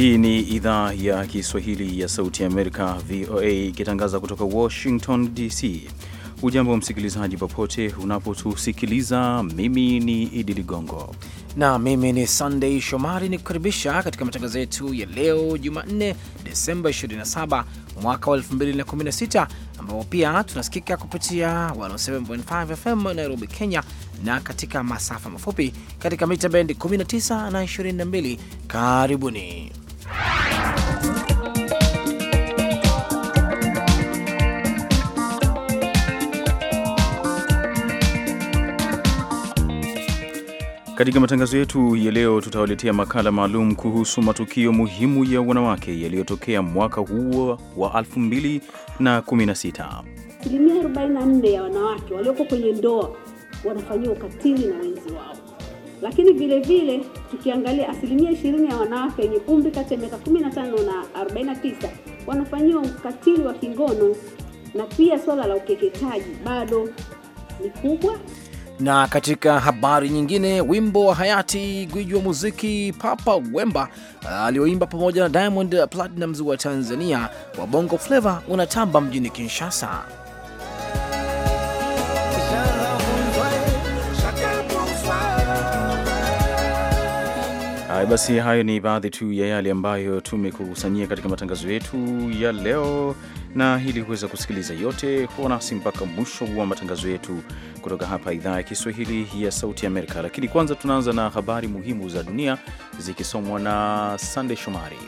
Hii ni idhaa ya Kiswahili ya Sauti ya Amerika, VOA, ikitangaza kutoka Washington DC. Ujambo msikilizaji, popote unapotusikiliza. Mimi ni Idi Ligongo na mimi ni Sunday Shomari, ni kukaribisha katika matangazo yetu ya leo Jumanne, Desemba 27 mwaka wa 2016, ambapo pia tunasikika kupitia 107.5 FM Nairobi, Kenya, na katika masafa mafupi katika mita bendi 19 na 22. Karibuni. Katika matangazo yetu ya leo tutawaletea makala maalum kuhusu matukio muhimu ya wanawake yaliyotokea mwaka huo wa 2016. Asilimia 44 ya wanawake walioko kwenye ndoa wanafanyiwa ukatili na wenzi wao. Lakini vile vile tukiangalia asilimia 20 ya wanawake wenye umri kati ya miaka 15 na 49 wanafanyiwa ukatili wa kingono na pia swala la ukeketaji bado ni kubwa. Na katika habari nyingine, wimbo wa hayati gwiji wa muziki Papa Wemba uh, alioimba pamoja na Diamond Platinumz wa Tanzania wa Bongo Flava unatamba mjini Kinshasa. Haya basi, hayo ni baadhi tu ya yale ambayo tumekukusanyia katika matangazo yetu ya leo, na ili kuweza kusikiliza yote, kuwa nasi mpaka mwisho wa matangazo yetu kutoka hapa idhaa ya Kiswahili ya Sauti ya Amerika. Lakini kwanza tunaanza na habari muhimu za dunia zikisomwa na Sande Shomari.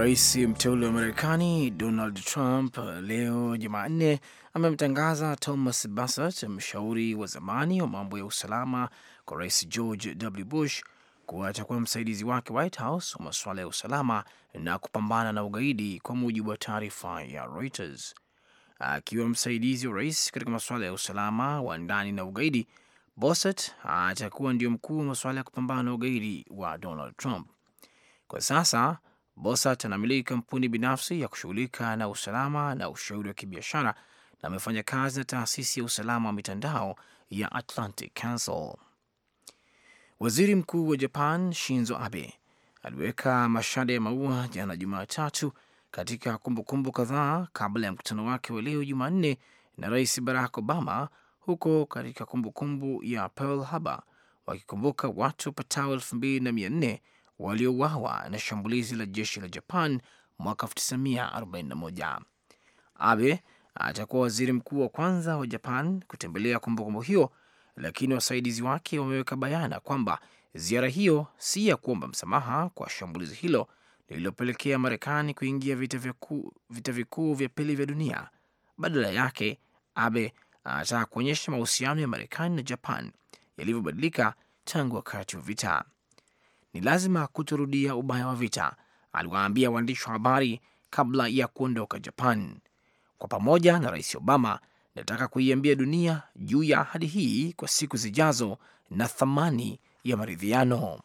Rais mteule wa Marekani Donald Trump uh, leo Jumanne amemtangaza Thomas Bassett, mshauri wa zamani wa mambo ya usalama kwa Rais George W. Bush, kuwa atakuwa msaidizi wake White House wa masuala ya usalama na kupambana na ugaidi, kwa mujibu wa taarifa ya Reuters. Akiwa msaidizi wa rais katika masuala ya usalama wa ndani na ugaidi, Bassett atakuwa ndio mkuu wa masuala ya kupambana na ugaidi wa Donald Trump. Kwa sasa Bosat anamiliki kampuni binafsi ya kushughulika na usalama na ushauri wa kibiashara na amefanya kazi na taasisi ya usalama wa mitandao ya Atlantic Council. Waziri Mkuu wa Japan Shinzo Abe aliweka mashada ya maua jana Jumatatu katika kumbukumbu kadhaa kabla ya mkutano wake wa leo Jumanne na Rais Barack Obama huko katika kumbukumbu ya Pearl Harbor, wakikumbuka watu patao elfu mbili na mia nne waliouawa na shambulizi la jeshi la Japan mwaka 1941. Abe atakuwa waziri mkuu wa kwanza wa Japan kutembelea kumbukumbu hiyo, lakini wasaidizi wake wameweka bayana kwamba ziara hiyo si ya kuomba msamaha kwa shambulizi hilo lililopelekea Marekani kuingia vita vikuu vya pili vya dunia. Badala yake, Abe anataka kuonyesha mahusiano ya Marekani na Japan yalivyobadilika tangu wakati wa vita ni lazima kutorudia ubaya wa vita, aliwaambia waandishi wa habari kabla ya kuondoka Japan. Kwa pamoja na Rais Obama, nataka kuiambia dunia juu ya ahadi hii kwa siku zijazo na thamani ya maridhiano.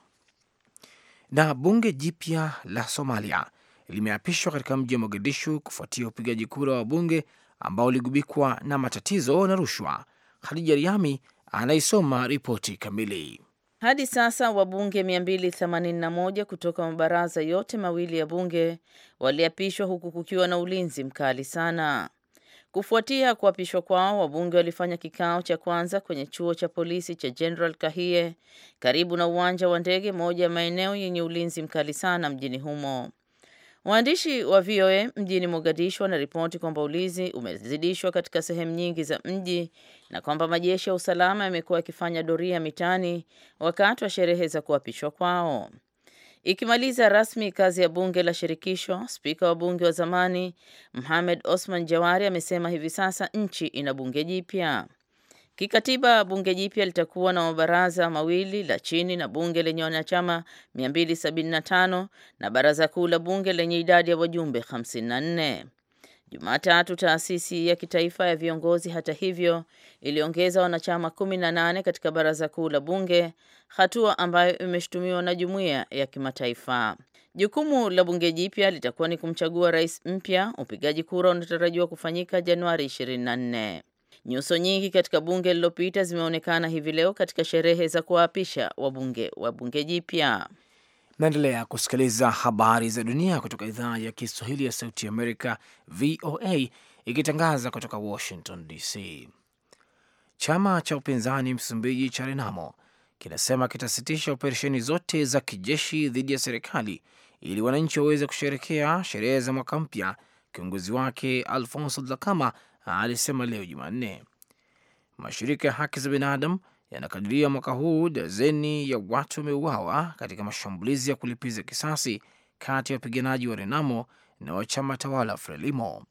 Na bunge jipya la Somalia limeapishwa katika mji wa Mogadishu kufuatia upigaji kura wa bunge ambao uligubikwa na matatizo na rushwa. Khadija Riami anaisoma ripoti kamili. Hadi sasa wabunge 281 kutoka mabaraza yote mawili ya bunge waliapishwa huku kukiwa na ulinzi mkali sana. Kufuatia kuapishwa kwao, wabunge walifanya kikao cha kwanza kwenye chuo cha polisi cha General Kahie karibu na uwanja wa ndege, moja ya maeneo yenye ulinzi mkali sana mjini humo. Waandishi wa VOA mjini Mogadishu wanaripoti kwamba ulinzi umezidishwa katika sehemu nyingi za mji na kwamba majeshi ya usalama yamekuwa yakifanya doria mitaani wakati wa sherehe za kuapishwa kwao. Ikimaliza rasmi kazi ya bunge la shirikisho, spika wa bunge wa zamani Mohamed Osman Jawari amesema hivi sasa nchi ina bunge jipya. Kikatiba bunge jipya litakuwa na mabaraza mawili, la chini na bunge lenye wanachama 275 na baraza kuu la bunge lenye idadi ya wajumbe 54. Jumatatu, taasisi ya kitaifa ya viongozi hata hivyo iliongeza wanachama 18 katika baraza kuu la bunge, hatua ambayo imeshutumiwa na jumuiya ya kimataifa. Jukumu la bunge jipya litakuwa ni kumchagua rais mpya. Upigaji kura unatarajiwa kufanyika Januari 24. Nyuso nyingi katika bunge lililopita zimeonekana hivi leo katika sherehe za kuwaapisha wabunge wa bunge jipya. Naendelea kusikiliza habari za dunia kutoka idhaa ya Kiswahili ya Sauti Amerika, VOA, ikitangaza kutoka Washington DC. Chama cha upinzani Msumbiji cha Renamo kinasema kitasitisha operesheni zote za kijeshi dhidi ya serikali ili wananchi waweze kusherekea sherehe za mwaka mpya. Kiongozi wake Alfonso Dhlakama alisema leo Jumanne. Mashirika ya haki za binadamu yanakadiria mwaka huu dazeni ya watu wameuawa katika mashambulizi ya kulipiza kisasi kati ya wapiganaji wa Renamo na wa chama tawala Frelimo.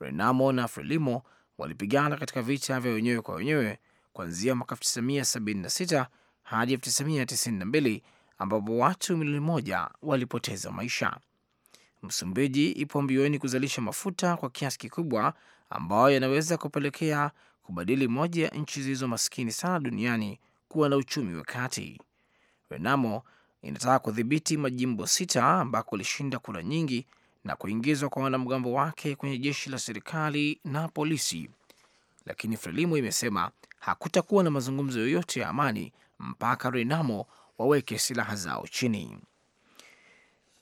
Renamo na Frelimo walipigana katika vita vya wenyewe kwa wenyewe kuanzia mwaka 1976 hadi 1992 ambapo watu milioni moja walipoteza maisha. Msumbiji ipo mbioni kuzalisha mafuta kwa kiasi kikubwa ambayo yanaweza kupelekea kubadili moja ya nchi zilizo maskini sana duniani kuwa na uchumi wa kati. Renamo inataka kudhibiti majimbo sita ambako ilishinda kura nyingi na kuingizwa kwa wanamgambo wake kwenye jeshi la serikali na polisi, lakini Frelimo imesema hakutakuwa na mazungumzo yoyote ya amani mpaka Renamo waweke silaha zao chini.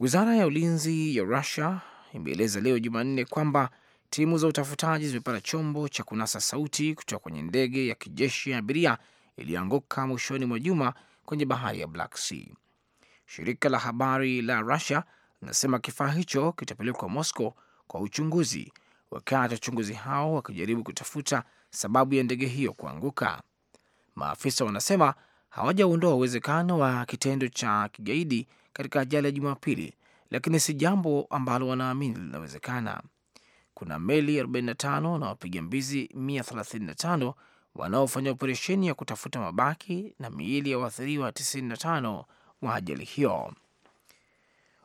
Wizara ya ulinzi ya Rusia imeeleza leo Jumanne kwamba Timu za utafutaji zimepata chombo cha kunasa sauti kutoka kwenye ndege ya kijeshi ya abiria iliyoanguka mwishoni mwa juma kwenye bahari ya Black Sea. Shirika la habari la Russia linasema kifaa hicho kitapelekwa Moscow kwa uchunguzi, wakati wachunguzi hao wakijaribu kutafuta sababu ya ndege hiyo kuanguka. Maafisa wanasema hawajaondoa uwezekano wa kitendo cha kigaidi katika ajali ya Jumapili, lakini si jambo ambalo wanaamini linawezekana kuna meli 45 na wapiga mbizi 135 wanaofanya operesheni ya kutafuta mabaki na miili ya waathiriwa 95 wa ajali hiyo.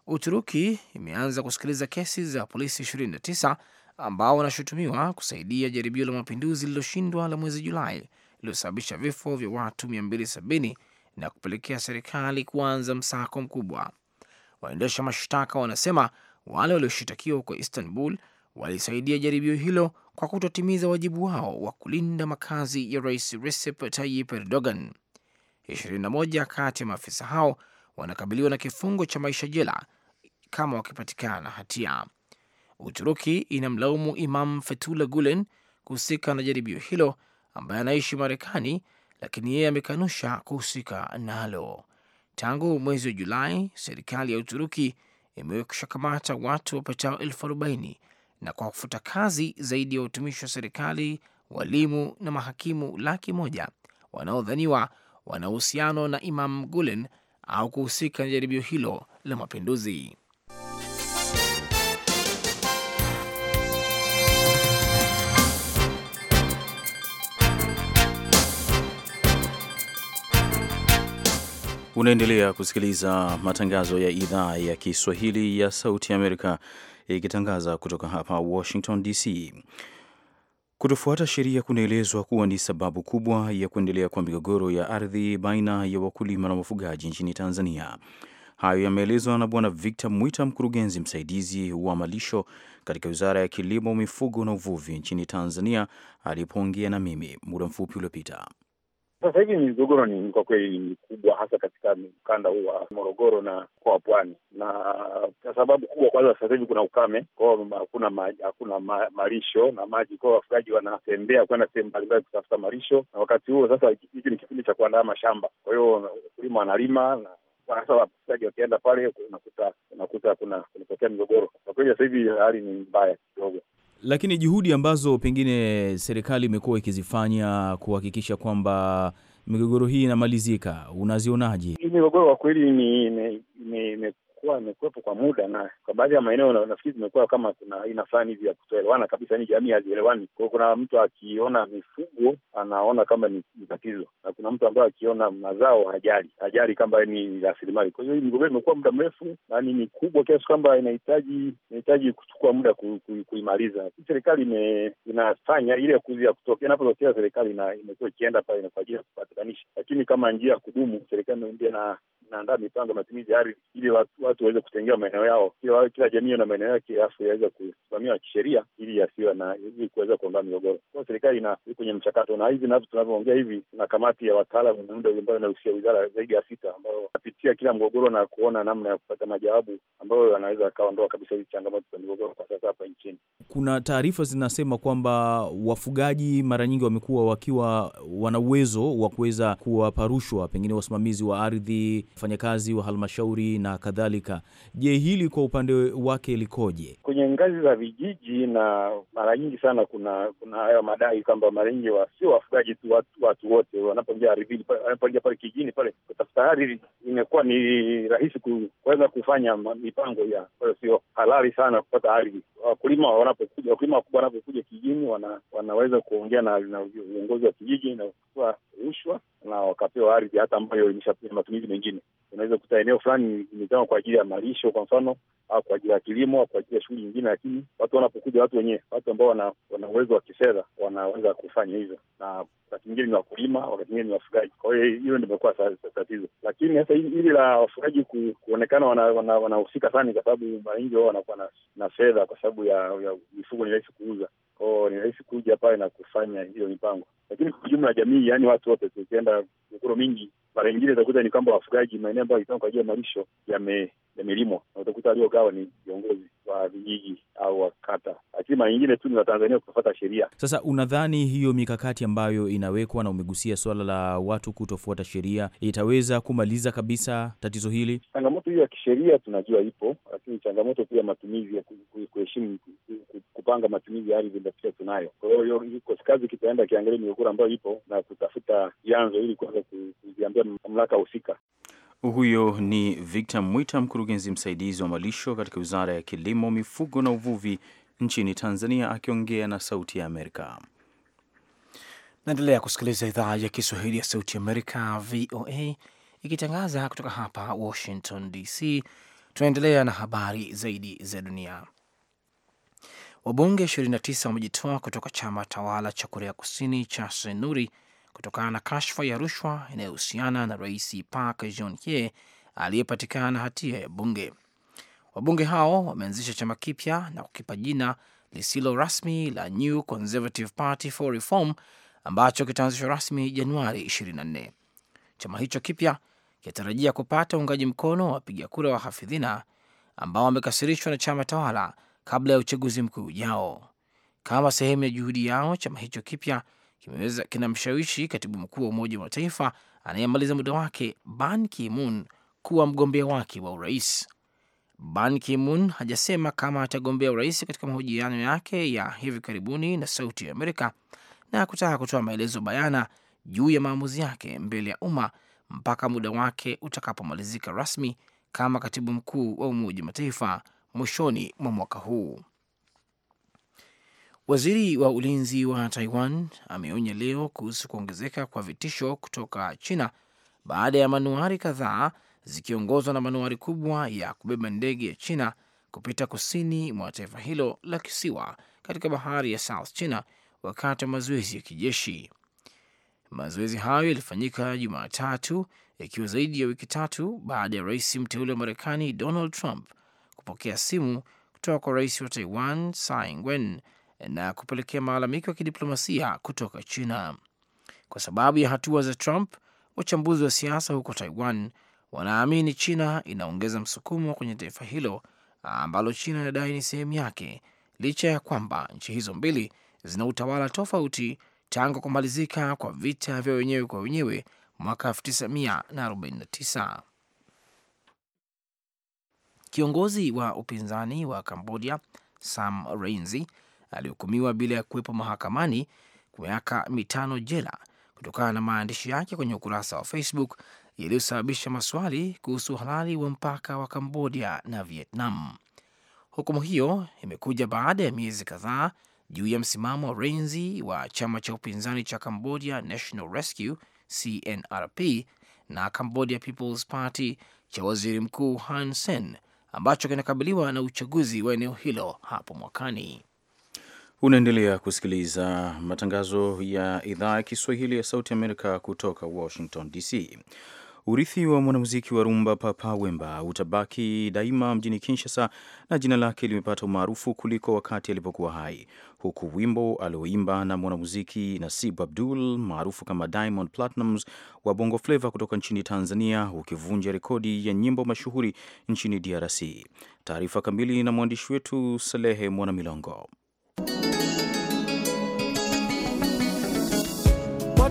Uturuki imeanza kusikiliza kesi za polisi 29 ambao wanashutumiwa kusaidia jaribio la mapinduzi lililoshindwa la mwezi Julai lililosababisha vifo vya watu 270 na kupelekea serikali kuanza msako mkubwa. Waendesha mashtaka wanasema wale walioshitakiwa huko Istanbul walisaidia jaribio hilo kwa kutotimiza wajibu wao wa kulinda makazi ya rais Recep Tayyip Erdogan. 21 kati ya maafisa hao wanakabiliwa na kifungo cha maisha jela kama wakipatikana hatia. Uturuki inamlaumu Imam Fethullah Gulen kuhusika na jaribio hilo ambaye anaishi Marekani, lakini yeye amekanusha kuhusika nalo. Tangu mwezi wa Julai, serikali ya Uturuki imewekwisha kamata watu wapatao elfu arobaini na kwa kufuta kazi zaidi ya utumishi wa serikali, walimu na mahakimu laki moja wanaodhaniwa wana uhusiano na Imam Gulen au kuhusika na jaribio hilo la mapinduzi. Unaendelea kusikiliza matangazo ya idhaa ya Kiswahili ya Sauti ya Amerika ikitangaza kutoka hapa Washington DC. Kutofuata sheria kunaelezwa kuwa ni sababu kubwa ya kuendelea kwa migogoro ya ardhi baina ya wakulima na wafugaji nchini Tanzania. Hayo yameelezwa na Bwana Victor Mwita, mkurugenzi msaidizi wa malisho katika Wizara ya Kilimo, Mifugo na Uvuvi nchini Tanzania, alipoongea na mimi muda mfupi uliopita. Sasa hivi migogoro ni kwa kweli ni mikubwa, hasa katika mkanda huu wa Morogoro na mkoa wa Pwani, na kwa sababu kubwa, kwanza sasa hivi kuna ukame, kwao hakuna ma, hakuna ma, malisho na maji, kwao wafugaji wanatembea kwenda sehemu mbalimbali kutafuta malisho, na wakati huo sasa, hiki ni kipindi cha kuandaa mashamba, kwa hiyo wakulima wanalima na hasa wafugaji wakienda pale unakuta unakuta kuna kunatokea migogoro. Kwa kweli sasa hivi hali ni mbaya kidogo. Lakini juhudi ambazo pengine serikali imekuwa ikizifanya kuhakikisha kwamba migogoro hii inamalizika unazionaje? Hii migogoro kwa kweli imekuwa imekuwepo kwa muda, na kwa baadhi ya maeneo nafikiri zimekuwa kama kuna aina fulani hivi ya kutoelewana kabisa, ni jamii hazielewani. Kwa hiyo kuna mtu akiona mifugo anaona kama ni tatizo, na kuna mtu ambaye akiona mazao hajali hajali kama ni rasilimali. Kwa hiyo hii migogoro imekuwa muda mrefu, na ni kubwa kiasi kwamba inahitaji inahitaji kuchukua muda kuimaliza. Lakini serikali inafanya ile kuzi ya kutokea inapotokea, serikali imekuwa ikienda pale kwa ajili ya kupatikanisha, lakini kama njia ya kudumu serikali ndio na tunaandaa mipango ya matumizi ya ardhi ili watu waweze kutengewa maeneo yao, kila, kila jamii na maeneo yake, afu yaweze kusimamiwa kisheria ili yasiwe na ili kuweza kuondoa migogoro. Kwa serikali ina kwenye mchakato, na hizi navyo tunavyoongea hivi na kamati ya wataalamu na muda ambayo inahusia wizara zaidi ya sita, ambayo napitia kila mgogoro na kuona namna ya kupata majawabu ambayo yanaweza akaondoa kabisa hizi changamoto za migogoro kwa sasa hapa nchini. Kuna taarifa zinasema kwamba wafugaji mara nyingi wamekuwa wakiwa wana uwezo wa kuweza kuwapa rushwa pengine wasimamizi wa ardhi wafanyakazi wa halmashauri na kadhalika. Je, hili kwa upande wake likoje kwenye ngazi za vijiji? Na mara nyingi sana kuna kuna hayo madai kwamba mara nyingi wa, sio wafugaji tu, watu, watu wote wanapoingia ardhini, wanapoingia pale kijini pale kutafuta ardhi, imekuwa ni rahisi kuweza kufanya mipango ya kwayo, sio halali sana kupata ardhi. Wakulima wanapokuja, wakulima wakubwa wanapokuja kijini wana, wanaweza kuongea na uongozi wa kijiji na kuchukua rushwa na wakapewa ardhi hata ambayo imeshapia matumizi mengine unaweza kuta eneo fulani imetengwa kwa ajili ya malisho kwa mfano, au kwa ajili ya kilimo, au kwa ajili ya shughuli nyingine, lakini watu wanapokuja, watu wenyewe, watu ambao wana wana uwezo wa kifedha wanaweza kufanya hivyo, na wakati mwingine ni wakulima, wakati mwingine ni wafugaji. Kwa hiyo hiyo ndimekuwa tatizo, lakini hasa hili la wafugaji ku, kuonekana wanahusika wana, wana sana, kwa sababu mara nyingi wao wanakuwa na, na fedha kwa sababu ya, ya mifugo ni rahisi kuuza kwao, ni rahisi kuja pale na kufanya hiyo mipango, lakini kwa ujumla jamii, yaani watu wote, tukienda mikoro mingi mara nyingine utakuta ni kwamba wafugaji maeneo ambayo kwa ajili ya malisho yamelimwa, na utakuta waliogawa ni viongozi wa vijiji au wakata lakini mara nyingine tu ni Watanzania kutofuata sheria. Sasa unadhani hiyo mikakati ambayo inawekwa na umegusia suala la watu kutofuata sheria itaweza kumaliza kabisa tatizo hili? Changamoto hiyo ya kisheria tunajua ipo, lakini changamoto pia matumizi ya kuheshimu kupanga matumizi ya ardhi ndio pia tunayo. Kwa hiyo kikosi kazi kitaenda kiangalia migogoro ambayo ipo na kutafuta vyanzo ili kuanza kuziambia kupitia mamlaka husika. Huyo ni Victor Mwita, mkurugenzi msaidizi wa malisho katika Wizara ya Kilimo, Mifugo na Uvuvi nchini Tanzania, akiongea na Sauti ya Amerika. Naendelea kusikiliza idhaa ya Kiswahili ya Sauti Amerika, VOA, ikitangaza kutoka hapa Washington DC. Tunaendelea na habari zaidi za dunia. Wabunge 29 wamejitoa kutoka chama tawala cha Korea Kusini cha Senuri kutokana na kashfa ya rushwa inayohusiana na Rais Park Geun-hye aliyepatikana na hatia ya bunge. Wabunge hao wameanzisha chama kipya na kukipa jina lisilo rasmi la New Conservative Party for Reform ambacho kitaanzishwa rasmi Januari 24. Chama hicho kipya kinatarajia kupata uungaji mkono wa wapiga kura wa hafidhina ambao wamekasirishwa na chama tawala kabla ya uchaguzi mkuu ujao. Kama sehemu ya juhudi yao, chama hicho kipya kinamshawishi katibu mkuu wa Umoja wa Mataifa anayemaliza muda wake Ban Ki-moon kuwa mgombea wake wa urais. Ban Ki-moon hajasema kama atagombea urais katika mahojiano yake ya hivi karibuni na Sauti ya Amerika na kutaka kutoa maelezo bayana juu ya maamuzi yake mbele ya umma mpaka muda wake utakapomalizika rasmi kama katibu mkuu wa Umoja wa Mataifa mwishoni mwa mwaka huu. Waziri wa ulinzi wa Taiwan ameonya leo kuhusu kuongezeka kwa vitisho kutoka China baada ya manuari kadhaa zikiongozwa na manuari kubwa ya kubeba ndege ya China kupita kusini mwa taifa hilo la kisiwa katika bahari ya South China wakati wa mazoezi ya kijeshi. Mazoezi hayo yalifanyika Jumatatu, ikiwa zaidi ya wiki tatu baada ya rais mteule wa Marekani Donald Trump kupokea simu kutoka kwa rais wa Taiwan Tsai Ing-wen na kupelekea malalamiko ya kidiplomasia kutoka China kwa sababu ya hatua za Trump. Wachambuzi wa siasa huko Taiwan wanaamini China inaongeza msukumo kwenye taifa hilo ambalo China inadai ni sehemu yake, licha ya kwamba nchi hizo mbili zina utawala tofauti tangu kumalizika kwa vita vya wenyewe kwa wenyewe mwaka 1949. Kiongozi wa upinzani wa Cambodia Sam Rainsy alihukumiwa bila ya kuwepo mahakamani kwa miaka mitano jela kutokana na maandishi yake kwenye ukurasa wa Facebook yaliyosababisha maswali kuhusu uhalali wa mpaka wa Kambodia na Vietnam. Hukumu hiyo imekuja baada ya miezi kadhaa juu ya msimamo wa renzi wa chama cha upinzani cha Cambodia National Rescue CNRP na Cambodia People's Party cha waziri mkuu Hun Sen ambacho kinakabiliwa na uchaguzi wa eneo hilo hapo mwakani. Unaendelea kusikiliza matangazo ya idhaa ya Kiswahili ya Sauti Amerika kutoka Washington DC. Urithi wa mwanamuziki wa rumba Papa Wemba utabaki daima mjini Kinshasa, na jina lake limepata umaarufu kuliko wakati alipokuwa hai, huku wimbo alioimba na mwanamuziki Nasib Abdul maarufu kama Diamond Platnumz wa Bongo Flava kutoka nchini Tanzania ukivunja rekodi ya nyimbo mashuhuri nchini DRC. Taarifa kamili na mwandishi wetu Salehe Mwanamilongo.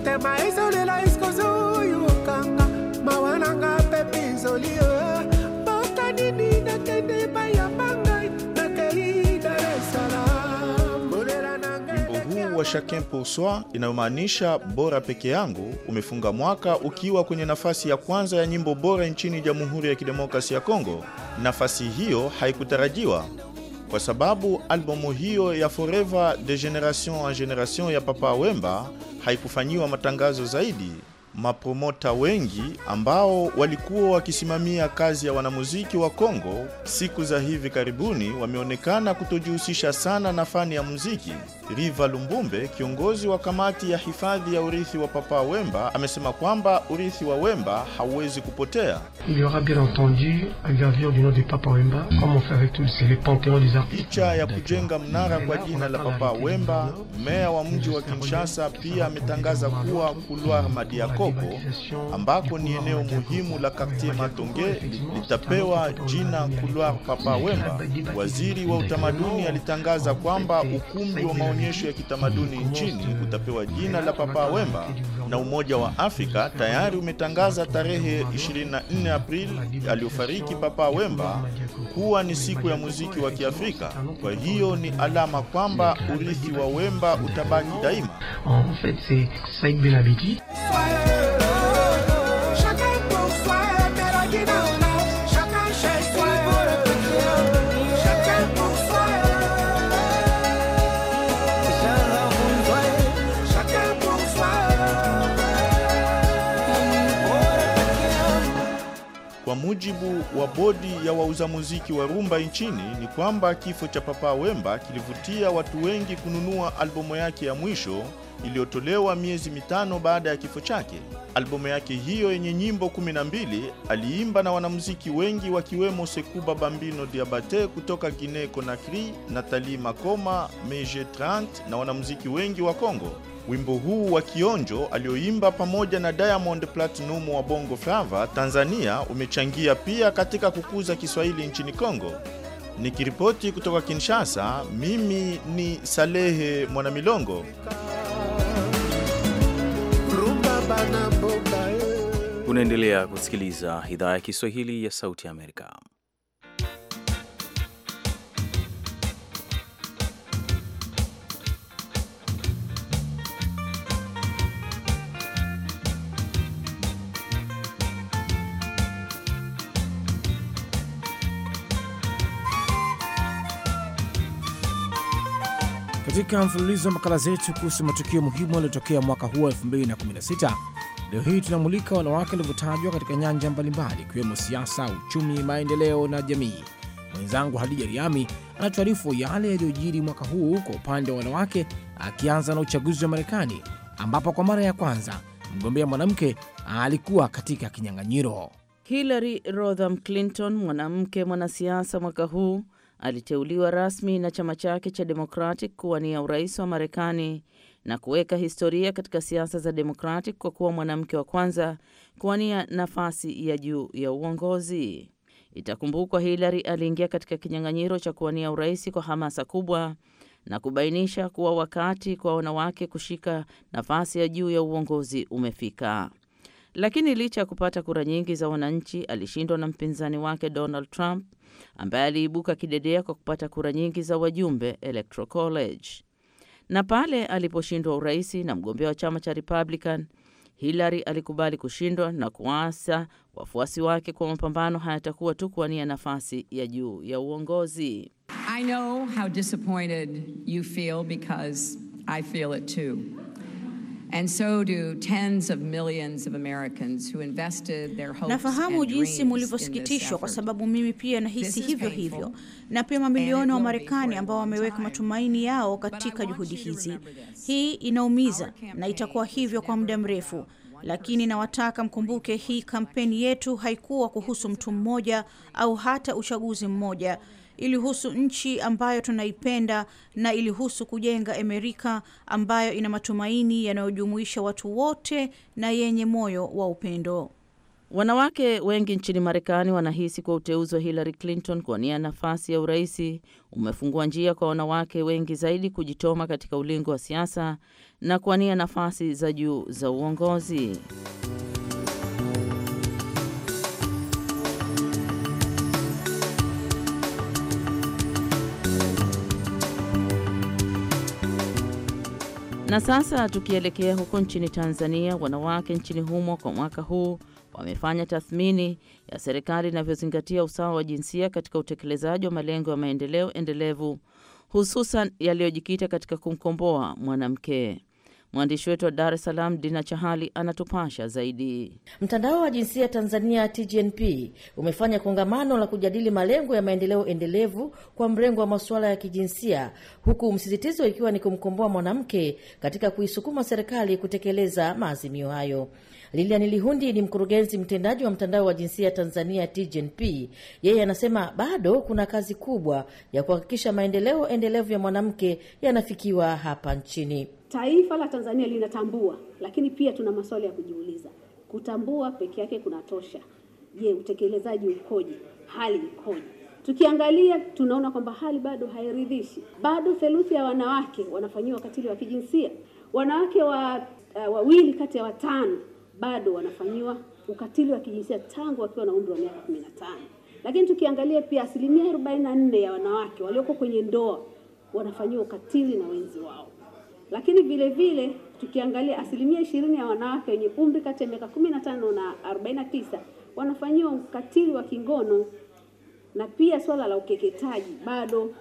motema ezolela mpe huu wa Chacun pour soi inayomaanisha bora peke yangu umefunga mwaka ukiwa kwenye nafasi ya kwanza ya nyimbo bora nchini Jamhuri ya Kidemokrasia ya Kongo. Nafasi hiyo haikutarajiwa kwa sababu albamu hiyo ya Forever de Generation en Generation ya Papa Wemba haikufanyiwa matangazo zaidi mapromota wengi ambao walikuwa wakisimamia kazi ya wanamuziki wa Kongo siku za hivi karibuni wameonekana kutojihusisha sana na fani ya muziki. Riva Lumbumbe, kiongozi wa kamati ya hifadhi ya urithi wa Papa Wemba, amesema kwamba urithi wa Wemba hauwezi kupotea. Licha ya kujenga mnara kwa jina la Papa Wemba, meya wa mji wa Kinshasa pia ametangaza kuwa kuluar Madiako Makoko ambako ni eneo muhimu la Quartier Matonge litapewa jina Couloir Papa Wemba. Waziri wa utamaduni alitangaza kwamba ukumbi wa maonyesho ya kitamaduni nchini utapewa jina la Papa Wemba na Umoja wa Afrika tayari umetangaza tarehe 24 Aprili aliyofariki Papa Wemba kuwa ni siku ya muziki wa Kiafrika. Kwa hiyo ni alama kwamba urithi wa Wemba utabaki daima. Kwa mujibu wa bodi ya wauza muziki wa rumba nchini ni kwamba kifo cha Papa Wemba kilivutia watu wengi kununua albomu yake ya mwisho iliyotolewa miezi mitano baada ya kifo chake. Albomu yake hiyo yenye nyimbo 12 aliimba na wanamuziki wengi wakiwemo Sekuba Bambino Diabate kutoka Guinea Conakry, natali Makoma, Meje Trant na wanamuziki wengi wa Kongo. Wimbo huu wa kionjo alioimba pamoja na Diamond Platinum wa Bongo Flava Tanzania umechangia pia katika kukuza Kiswahili nchini Kongo. Nikiripoti kutoka Kinshasa, mimi ni Salehe Mwanamilongo. Unaendelea kusikiliza idhaa ya Kiswahili ya Sauti ya Amerika. Katika mfululizo wa makala zetu kuhusu matukio muhimu yaliyotokea mwaka huu wa 2016, leo hii tunamulika wanawake walivyotajwa katika nyanja mbalimbali ikiwemo siasa, uchumi, maendeleo na jamii. Mwenzangu Hadija Riami anatuarifu yale yaliyojiri mwaka huu kwa upande wa wanawake, akianza na uchaguzi wa Marekani ambapo kwa mara ya kwanza mgombea mwanamke alikuwa katika kinyang'anyiro. hilary rotham Clinton, mwanamke mwanasiasa, mwaka huu aliteuliwa rasmi na chama chake cha Democratic kuwania urais wa Marekani na kuweka historia katika siasa za Democratic kwa kuwa mwanamke wa kwanza kuwania nafasi ya juu ya uongozi. Itakumbukwa Hillary aliingia katika kinyang'anyiro cha kuwania urais kwa hamasa kubwa na kubainisha kuwa wakati kwa wanawake kushika nafasi ya juu ya uongozi umefika. Lakini licha ya kupata kura nyingi za wananchi, alishindwa na mpinzani wake Donald Trump ambaye aliibuka kidedea kwa kupata kura nyingi za wajumbe Electoral College. Na pale aliposhindwa uraisi na mgombea wa chama cha Republican, Hillary alikubali kushindwa na kuasa wafuasi wake kwa mapambano hayatakuwa tu kuwania nafasi ya juu ya uongozi. I know how disappointed you feel because I feel it too. And so do tens of millions of Americans who invested their hopes. Nafahamu jinsi mulivyosikitishwa kwa sababu mimi pia nahisi hivyo hivyo, na pia mamilioni wa Marekani ambao wameweka matumaini yao katika juhudi hizi. Hii inaumiza na itakuwa hivyo kwa muda mrefu, lakini nawataka mkumbuke, hii kampeni yetu haikuwa kuhusu mtu mmoja au hata uchaguzi mmoja ilihusu nchi ambayo tunaipenda na ilihusu kujenga Amerika ambayo ina matumaini yanayojumuisha watu wote na yenye moyo wa upendo. Wanawake wengi nchini Marekani wanahisi kwa uteuzi wa Hillary Clinton kuania nafasi ya uraisi umefungua njia kwa wanawake wengi zaidi kujitoma katika ulingo wa siasa na kuania nafasi za juu za uongozi. Na sasa tukielekea huko nchini Tanzania, wanawake nchini humo kwa mwaka huu wamefanya tathmini ya serikali inavyozingatia usawa wa jinsia katika utekelezaji wa malengo ya maendeleo endelevu, hususan yaliyojikita katika kumkomboa mwanamke. Mwandishi wetu wa Dar es Salaam, Dina Chahali, anatupasha zaidi. Mtandao wa Jinsia Tanzania, TGNP, umefanya kongamano la kujadili malengo ya maendeleo endelevu kwa mrengo wa masuala ya kijinsia, huku msisitizo ikiwa ni kumkomboa mwanamke katika kuisukuma serikali kutekeleza maazimio hayo. Lilian Lihundi ni mkurugenzi mtendaji wa mtandao wa jinsia Tanzania TGNP. Yeye anasema bado kuna kazi kubwa ya kuhakikisha maendeleo endelevu ya mwanamke yanafikiwa hapa nchini taifa la Tanzania linatambua, lakini pia tuna maswali ya kujiuliza. Kutambua peke yake kunatosha? Je, utekelezaji ukoje? Hali ikoje? Tukiangalia tunaona kwamba hali bado hairidhishi. Bado theluthi ya wanawake wanafanyiwa ukatili wa kijinsia. Wanawake wa uh, wawili kati ya watano bado wanafanyiwa ukatili wa kijinsia tangu wakiwa na umri wa miaka 15. Lakini tukiangalia pia asilimia 44 ya wanawake walioko kwenye ndoa wanafanyiwa ukatili na wenzi wao. Lakini vile vile tukiangalia asilimia ishirini ya wanawake wenye umri kati ya miaka 15 na 49 wanafanyiwa ukatili wa kingono, na pia swala la ukeketaji bado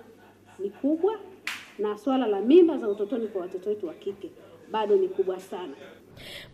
ni kubwa, na swala la mimba za utotoni kwa watoto wetu wa kike bado ni kubwa sana.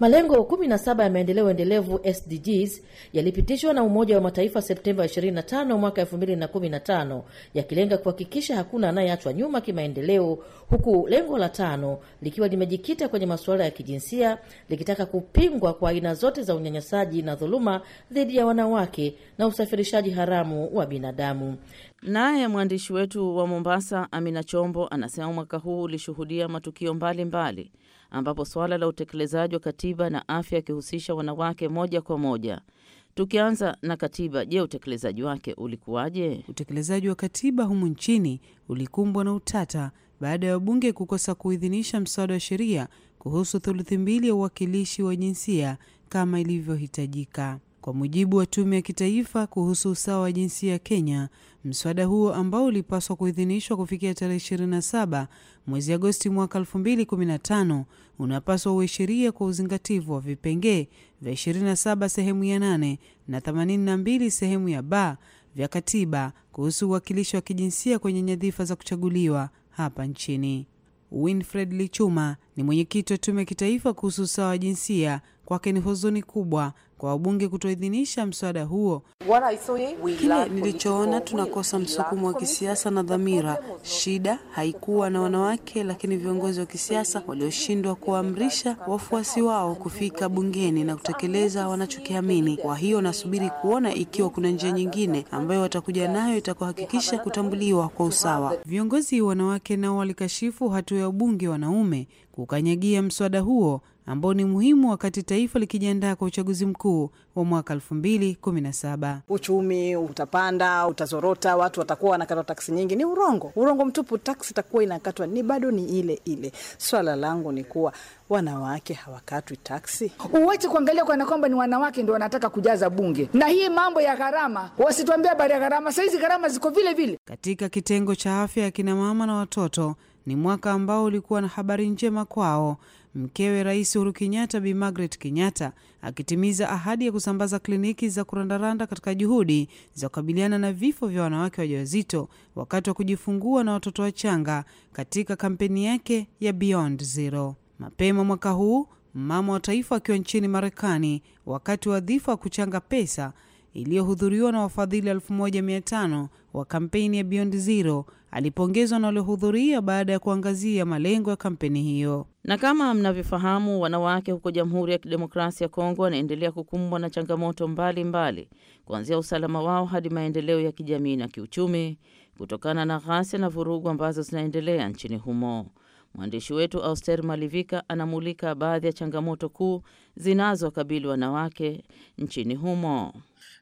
Malengo 17 ya maendeleo endelevu SDGs yalipitishwa na Umoja wa Mataifa Septemba 25 mwaka 215 yakilenga kuhakikisha hakuna anayeachwa nyuma kimaendeleo, huku lengo la tano likiwa limejikita kwenye masuala ya kijinsia likitaka kupingwa kwa aina zote za unyanyasaji na dhuluma dhidi ya wanawake na usafirishaji haramu wa binadamu. Naye mwandishi wetu wa Mombasa Amina Chombo anasema mwaka huu ulishuhudia matukio mbalimbali mbali ambapo suala la utekelezaji wa katiba na afya yakihusisha wanawake moja kwa moja. Tukianza na katiba, je, utekelezaji wake ulikuwaje? Utekelezaji wa katiba humu nchini ulikumbwa na utata baada ya wabunge kukosa kuidhinisha mswada wa sheria kuhusu thuluthi mbili ya uwakilishi wa jinsia kama ilivyohitajika. Kwa mujibu wa Tume ya Kitaifa kuhusu Usawa wa Jinsia ya Kenya, mswada huo ambao ulipaswa kuidhinishwa kufikia tarehe 27 mwezi Agosti mwaka 2015 unapaswa uwe sheria kwa uzingativu wa vipengee vya 27 sehemu ya 8 na 82 sehemu ya ba vya katiba kuhusu uwakilishi wa kijinsia kwenye nyadhifa za kuchaguliwa hapa nchini. Winfred Lichuma ni mwenyekiti wa Tume ya Kitaifa kuhusu Usawa wa Jinsia. Kwake ni huzuni kubwa kwa wabunge kutoidhinisha mswada huo. Kile nilichoona tunakosa msukumo wa kisiasa na dhamira. Shida haikuwa na wanawake, lakini viongozi wa kisiasa walioshindwa kuamrisha wafuasi wao kufika bungeni na kutekeleza wanachokiamini. Kwa hiyo nasubiri kuona ikiwa kuna njia nyingine ambayo watakuja nayo itakuhakikisha kutambuliwa kwa usawa. Viongozi wanawake nao walikashifu hatua ya ubunge wanaume kukanyagia mswada huo ambao ni muhimu wakati taifa likijiandaa kwa uchaguzi mkuu wa mwaka 2017. Uchumi utapanda, utazorota, watu watakuwa wanakatwa taksi nyingi. Ni urongo, urongo mtupu. Taksi itakuwa inakatwa ni bado ni ile ile. Swala langu ni kuwa wanawake hawakatwi taksi. Uwache kuangalia kana kwamba ni wanawake ndio wanataka kujaza bunge na hii mambo ya gharama, wasituambia habari ya gharama. Sahizi gharama ziko vile vile. Katika kitengo cha afya ya kinamama na watoto ni mwaka ambao ulikuwa na habari njema kwao, mkewe Rais Uhuru Kenyatta Bi Margaret Kenyatta akitimiza ahadi ya kusambaza kliniki za kurandaranda katika juhudi za kukabiliana na vifo vya wanawake wajawazito wakati wa kujifungua na watoto wachanga katika kampeni yake ya Beyond Zero. Mapema mwaka huu mama wa taifa akiwa nchini Marekani wakati wa dhifa wa kuchanga pesa iliyohudhuriwa na wafadhili 1500 wa kampeni ya Beyond Zero alipongezwa na waliohudhuria baada ya kuangazia malengo ya kampeni hiyo. Na kama mnavyofahamu, wanawake huko Jamhuri ya Kidemokrasia ya Kongo wanaendelea kukumbwa na changamoto mbalimbali, kuanzia usalama wao hadi maendeleo ya kijamii na kiuchumi, kutokana na ghasia na vurugu ambazo zinaendelea nchini humo. Mwandishi wetu Auster Malivika anamulika baadhi ya changamoto kuu zinazowakabili wanawake nchini humo.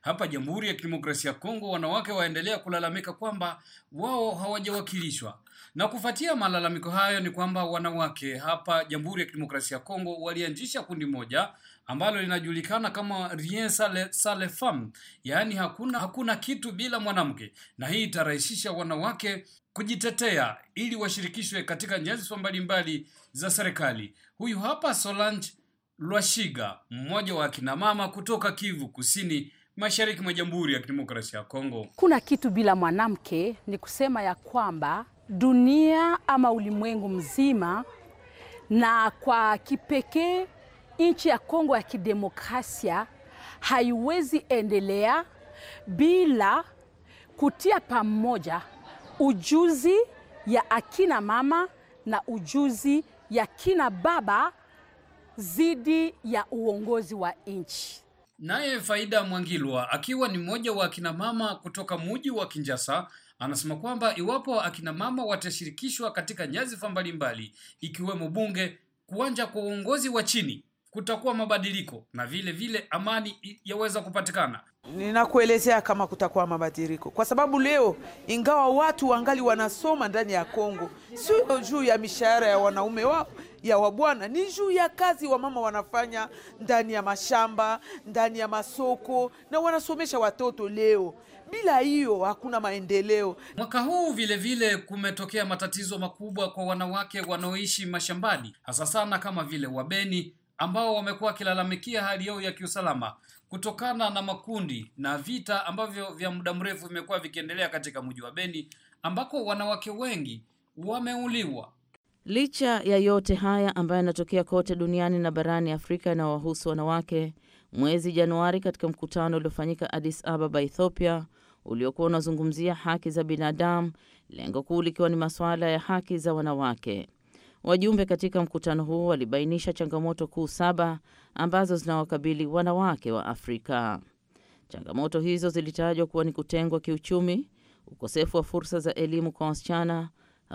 Hapa Jamhuri ya Kidemokrasia ya Kongo, wanawake waendelea kulalamika kwamba wao hawajawakilishwa, na kufuatia malalamiko hayo ni kwamba wanawake hapa Jamhuri ya Kidemokrasia ya Kongo walianzisha kundi moja ambalo linajulikana kama rien sans les femmes, yaani hakuna hakuna kitu bila mwanamke, na hii itarahisisha wanawake kujitetea ili washirikishwe katika nyenzo mbalimbali za serikali. Huyu hapa Solange Lwashiga, mmoja wa akinamama kutoka Kivu Kusini, mashariki mwa Jamhuri ya Kidemokrasia ya Kongo. Kuna kitu bila mwanamke ni kusema ya kwamba dunia ama ulimwengu mzima, na kwa kipekee nchi ya Kongo ya Kidemokrasia haiwezi endelea bila kutia pamoja ujuzi ya akina mama na ujuzi ya kina baba zidi ya uongozi wa nchi. Naye Faida Mwangilwa akiwa ni mmoja wa akina mama kutoka muji wa Kinjasa anasema kwamba iwapo akina mama watashirikishwa katika nyadhifa mbalimbali ikiwemo bunge, kuanja kwa uongozi wa chini, kutakuwa mabadiliko na vile vile amani yaweza kupatikana. Ninakuelezea kama kutakuwa mabadiliko, kwa sababu leo ingawa watu wangali wanasoma ndani ya Kongo, sio juu ya mishahara ya wanaume wao ya wabwana ni juu ya kazi wamama wanafanya ndani ya mashamba, ndani ya masoko na wanasomesha watoto leo. Bila hiyo hakuna maendeleo. Mwaka huu vilevile vile kumetokea matatizo makubwa kwa wanawake wanaoishi mashambani, hasa sana kama vile Wabeni ambao wamekuwa wakilalamikia hali yao ya kiusalama kutokana na makundi na vita ambavyo vya muda mrefu vimekuwa vikiendelea katika mji wa Beni ambako wanawake wengi wameuliwa Licha ya yote haya ambayo yanatokea kote duniani na barani Afrika yanaowahusu wanawake, mwezi Januari katika mkutano uliofanyika Addis Ababa, Ethiopia, uliokuwa unazungumzia haki za binadamu, lengo kuu likiwa ni masuala ya haki za wanawake. Wajumbe katika mkutano huo walibainisha changamoto kuu saba ambazo zinawakabili wanawake wa Afrika. Changamoto hizo zilitajwa kuwa ni kutengwa kiuchumi, ukosefu wa fursa za elimu kwa wasichana,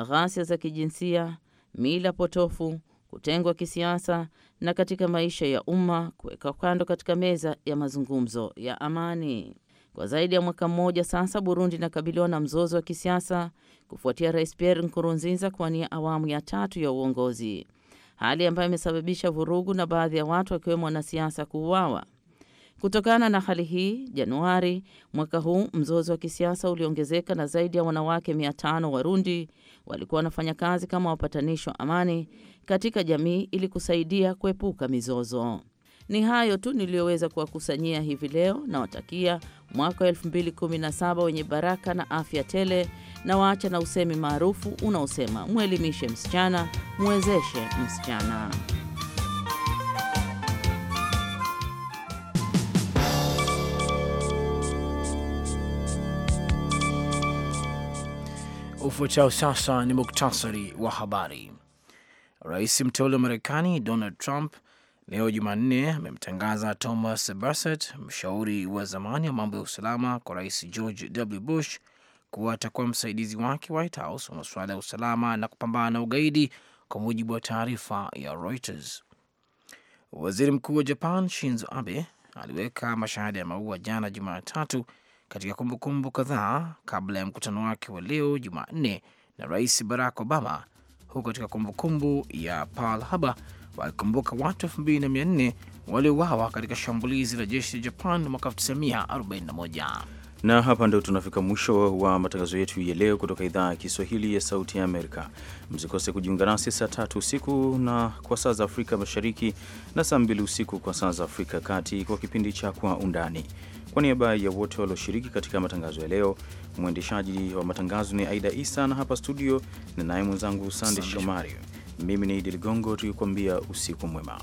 ghasia za kijinsia mila potofu, kutengwa kisiasa na katika maisha ya umma, kuweka kando katika meza ya mazungumzo ya amani. Kwa zaidi ya mwaka mmoja sasa, Burundi inakabiliwa na mzozo wa kisiasa kufuatia Rais Pierre Nkurunziza kuwania awamu ya tatu ya uongozi, hali ambayo imesababisha vurugu na baadhi ya watu wakiwemo wanasiasa kuuawa. Kutokana na hali hii, Januari mwaka huu mzozo wa kisiasa uliongezeka na zaidi ya wanawake 500 Warundi walikuwa wanafanya kazi kama wapatanishi wa amani katika jamii ili kusaidia kuepuka mizozo. Ni hayo tu niliyoweza kuwakusanyia hivi leo, na watakia mwaka wa 2017 wenye baraka na afya tele, na waacha na usemi maarufu unaosema mwelimishe msichana, mwezeshe msichana. Ufuatao sasa ni muktasari wa habari. Rais mteule wa Marekani Donald Trump leo Jumanne amemtangaza Thomas Bassett, mshauri wa zamani wa mambo ya usalama kwa Rais George W. Bush, kuwa atakuwa msaidizi wake White House wa masuala ya usalama na kupambana na ugaidi, kwa mujibu wa taarifa ya Reuters. Waziri Mkuu wa Japan Shinzo Abe aliweka mashahada ya maua jana Jumatatu katika kumbukumbu kadhaa kabla ya mkutano wake wa leo Jumanne na Rais Barack Obama, huku katika kumbukumbu ya Pearl Harbor wakikumbuka watu 24 waliowawa katika shambulizi la jeshi la Japan mwaka 1941 na hapa ndio tunafika mwisho wa matangazo yetu ya leo kutoka idhaa ya Kiswahili ya Sauti ya Amerika. Msikose kujiunga nasi saa tatu usiku na kwa saa za Afrika Mashariki na saa mbili usiku kwa saa za Afrika Kati kwa kipindi cha Kwa Undani. Kwa niaba ya wote walioshiriki katika matangazo ya leo, mwendeshaji wa matangazo ni Aida Isa na hapa studio ni naye mwenzangu Sande Shomari. Mimi ni Idi Ligongo, tukikuambia usiku mwema.